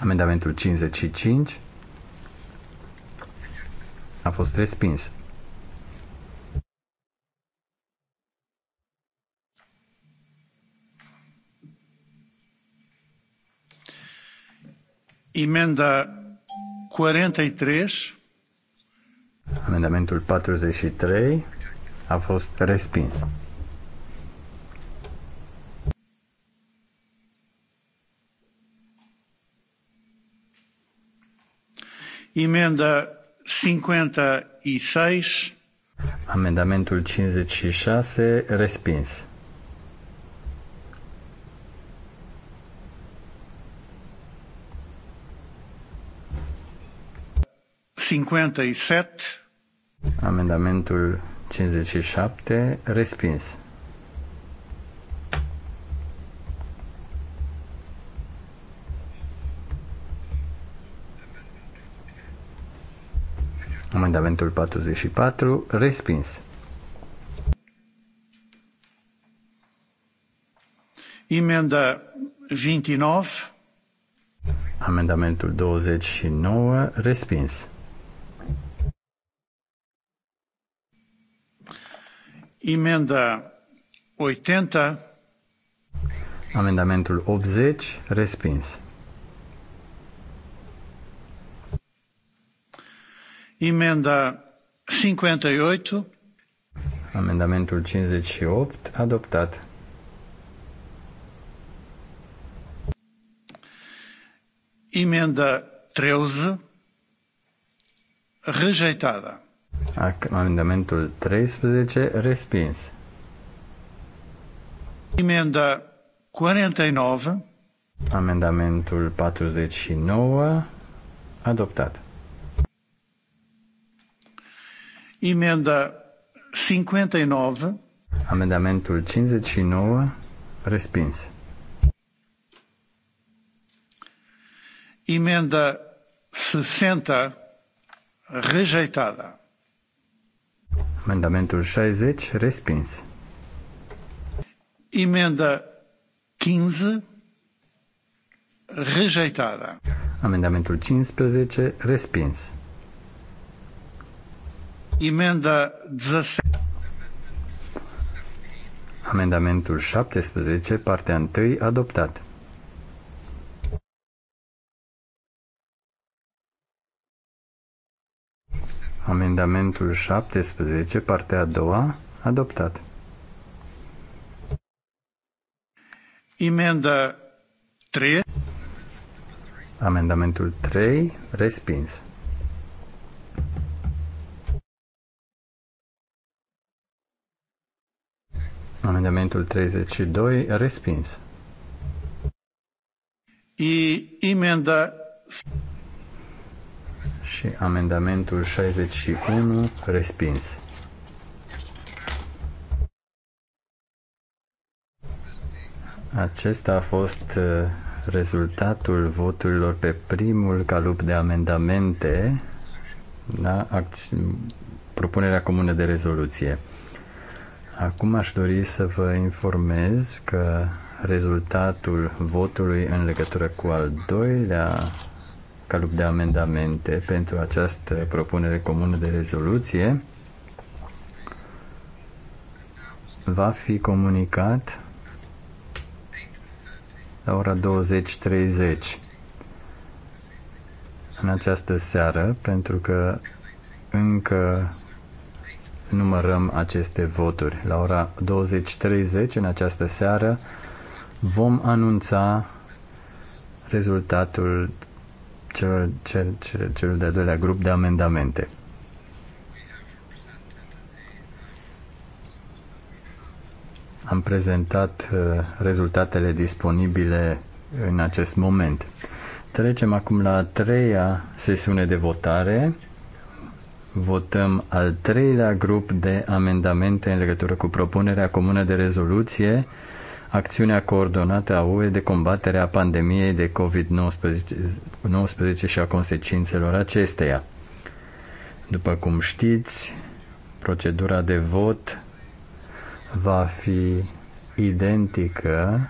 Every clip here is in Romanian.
Amendamentul 55 a fost respins. Emenda 43. Amendamentul 43 a fost respins. Emenda 56. Amendamentul 56 respins. Amendamentul 57 respins. Amendamentul 44, respins. Emenda 29. Amendamentul 29, respins. Emenda 80. Amendamentul 80, respins. Emenda 58. Amendamentul 58 adoptat. Emenda 13 rejeitada. Amendamentul 13 respins. Emenda 49. Amendamentul 49 adoptat. Emenda 59. Amendamentul 59 respins. Emenda 60 rejeitada. Amendamentul 60 respins. Emenda 15 rejeitada. Amendamentul 15 respins. Emenda 17. Amendamentul 17, partea 1, adoptat. Amendamentul 17, partea a doua, adoptat. Emenda 3. Amendamentul 3, respins. Amendamentul 32, respins. I, emenda... Și amendamentul 61, respins. Acesta a fost uh, rezultatul voturilor pe primul calup de amendamente la propunerea comună de rezoluție. Acum aș dori să vă informez că rezultatul votului în legătură cu al doilea calup de amendamente pentru această propunere comună de rezoluție va fi comunicat la ora 20.30 în această seară, pentru că încă numărăm aceste voturi. La ora 20.30 în această seară vom anunța rezultatul celor, cel, cel, cel de-al doilea grup de amendamente. Am prezentat uh, rezultatele disponibile în acest moment. Trecem acum la a treia sesiune de votare votăm al treilea grup de amendamente în legătură cu propunerea comună de rezoluție acțiunea coordonată a UE de combatere a pandemiei de COVID-19 și a consecințelor acesteia. După cum știți, procedura de vot va fi identică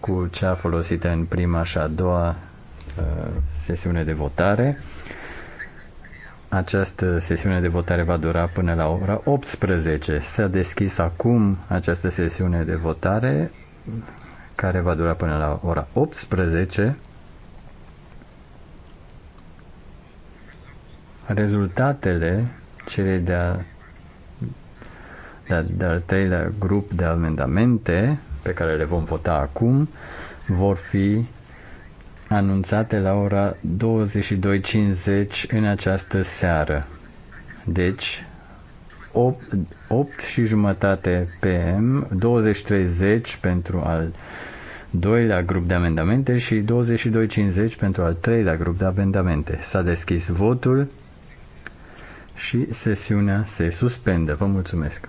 cu cea folosită în prima și a doua uh, sesiune de votare. Această sesiune de votare va dura până la ora 18. S-a deschis acum această sesiune de votare care va dura până la ora 18. Rezultatele cele de-a de de treilea grup de amendamente pe care le vom vota acum vor fi anunțate la ora 22.50 în această seară. Deci, 8, 8 și jumătate PM, 20.30 pentru al doilea grup de amendamente și 22.50 pentru al treilea grup de amendamente. S-a deschis votul și sesiunea se suspendă. Vă mulțumesc!